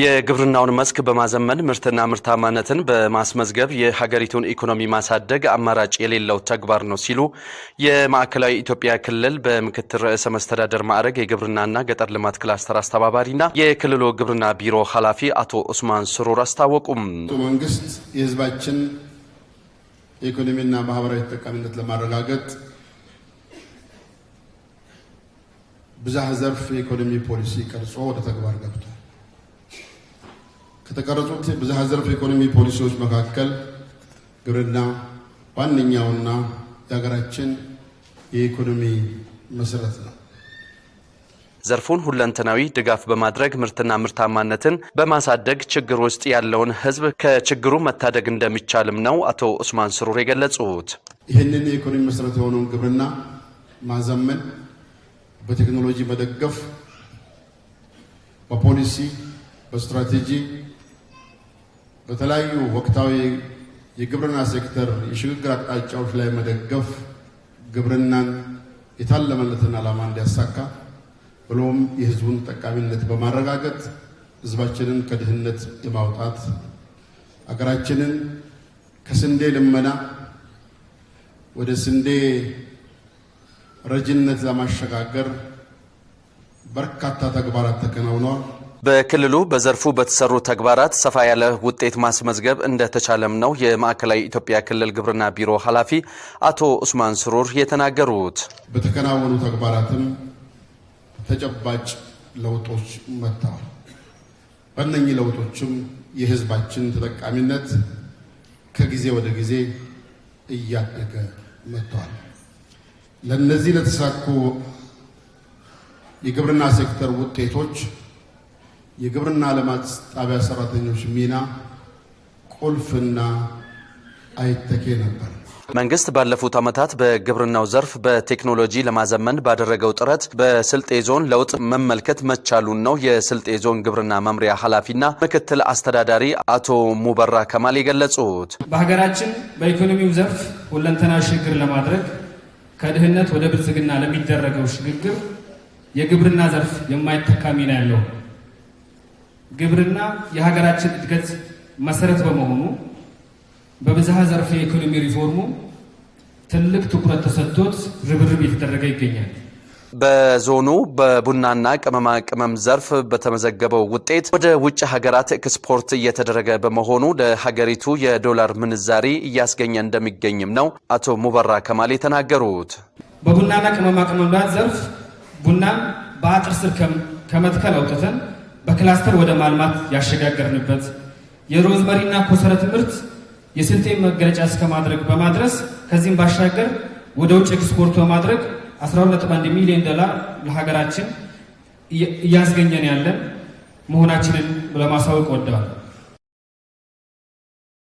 የግብርናውን መስክ በማዘመን ምርትና ምርታማነትን በማስመዝገብ የሀገሪቱን ኢኮኖሚ ማሳደግ አማራጭ የሌለው ተግባር ነው ሲሉ የማዕከላዊ ኢትዮጵያ ክልል በምክትል ርዕሰ መስተዳደር ማዕረግ የግብርናና ገጠር ልማት ክላስተር አስተባባሪና የክልሉ ግብርና ቢሮ ኃላፊ አቶ ኡስማን ስሩር አስታወቁም። መንግስት የህዝባችን የኢኮኖሚና ማህበራዊ ተጠቃሚነት ለማረጋገጥ ብዛህ ዘርፍ የኢኮኖሚ ፖሊሲ ቀርጾ ወደ ተግባር ገብቷል። ከተቀረጹት ብዝሃ ዘርፍ ኢኮኖሚ ፖሊሲዎች መካከል ግብርና ዋነኛውና የሀገራችን የኢኮኖሚ መሰረት ነው። ዘርፉን ሁለንተናዊ ድጋፍ በማድረግ ምርትና ምርታማነትን በማሳደግ ችግር ውስጥ ያለውን ሕዝብ ከችግሩ መታደግ እንደሚቻልም ነው አቶ ኡስማን ስሩር የገለጹት። ይህንን የኢኮኖሚ መሰረት የሆነውን ግብርና ማዘመን፣ በቴክኖሎጂ መደገፍ፣ በፖሊሲ በስትራቴጂ በተለያዩ ወቅታዊ የግብርና ሴክተር የሽግግር አቅጣጫዎች ላይ መደገፍ ግብርናን የታለመለትን ዓላማ እንዲያሳካ ብሎም የሕዝቡን ጠቃሚነት በማረጋገጥ ሕዝባችንን ከድህነት የማውጣት አገራችንን ከስንዴ ልመና ወደ ስንዴ ረጅነት ለማሸጋገር በርካታ ተግባራት ተከናውነዋል። በክልሉ በዘርፉ በተሰሩ ተግባራት ሰፋ ያለ ውጤት ማስመዝገብ እንደተቻለም ነው የማዕከላዊ ኢትዮጵያ ክልል ግብርና ቢሮ ኃላፊ አቶ ኡስማን ስሩር የተናገሩት። በተከናወኑ ተግባራትም ተጨባጭ ለውጦች መጥተዋል። በእነኚህ ለውጦችም የህዝባችን ተጠቃሚነት ከጊዜ ወደ ጊዜ እያደገ መጥተዋል። ለእነዚህ ለተሳኩ የግብርና ሴክተር ውጤቶች የግብርና ልማት ጣቢያ ሰራተኞች ሚና ቁልፍና አይተኬ ነበር። መንግስት ባለፉት ዓመታት በግብርናው ዘርፍ በቴክኖሎጂ ለማዘመን ባደረገው ጥረት በስልጤ ዞን ለውጥ መመልከት መቻሉን ነው የስልጤ ዞን ግብርና መምሪያ ኃላፊና ምክትል አስተዳዳሪ አቶ ሙበራ ከማል የገለጹት። በሀገራችን በኢኮኖሚው ዘርፍ ሁለንተናዊ ሽግግር ለማድረግ ከድህነት ወደ ብልጽግና ለሚደረገው ሽግግር የግብርና ዘርፍ የማይተካ ሚና ያለው ግብርና የሀገራችን እድገት መሰረት በመሆኑ በብዝሃ ዘርፍ የኢኮኖሚ ሪፎርሙ ትልቅ ትኩረት ተሰጥቶት ርብርብ እየተደረገ ይገኛል። በዞኑ በቡናና ቅመማ ቅመም ዘርፍ በተመዘገበው ውጤት ወደ ውጭ ሀገራት ኤክስፖርት እየተደረገ በመሆኑ ለሀገሪቱ የዶላር ምንዛሪ እያስገኘ እንደሚገኝም ነው አቶ ሙበራ ከማል የተናገሩት። በቡናና ቅመማ ቅመም ዘርፍ ቡናን በአጥር ስር ከመትከል አውጥተን በክላስተር ወደ ማልማት ያሸጋገርንበት የሮዝመሪና ኮሰረ ትምህርት የስልጤ መገለጫ እስከ ማድረግ በማድረስ ከዚህም ባሻገር ወደ ውጭ ኤክስፖርት በማድረግ 121 ሚሊዮን ዶላር ለሀገራችን እያስገኘን ያለን መሆናችንን ለማሳወቅ ወደዋል።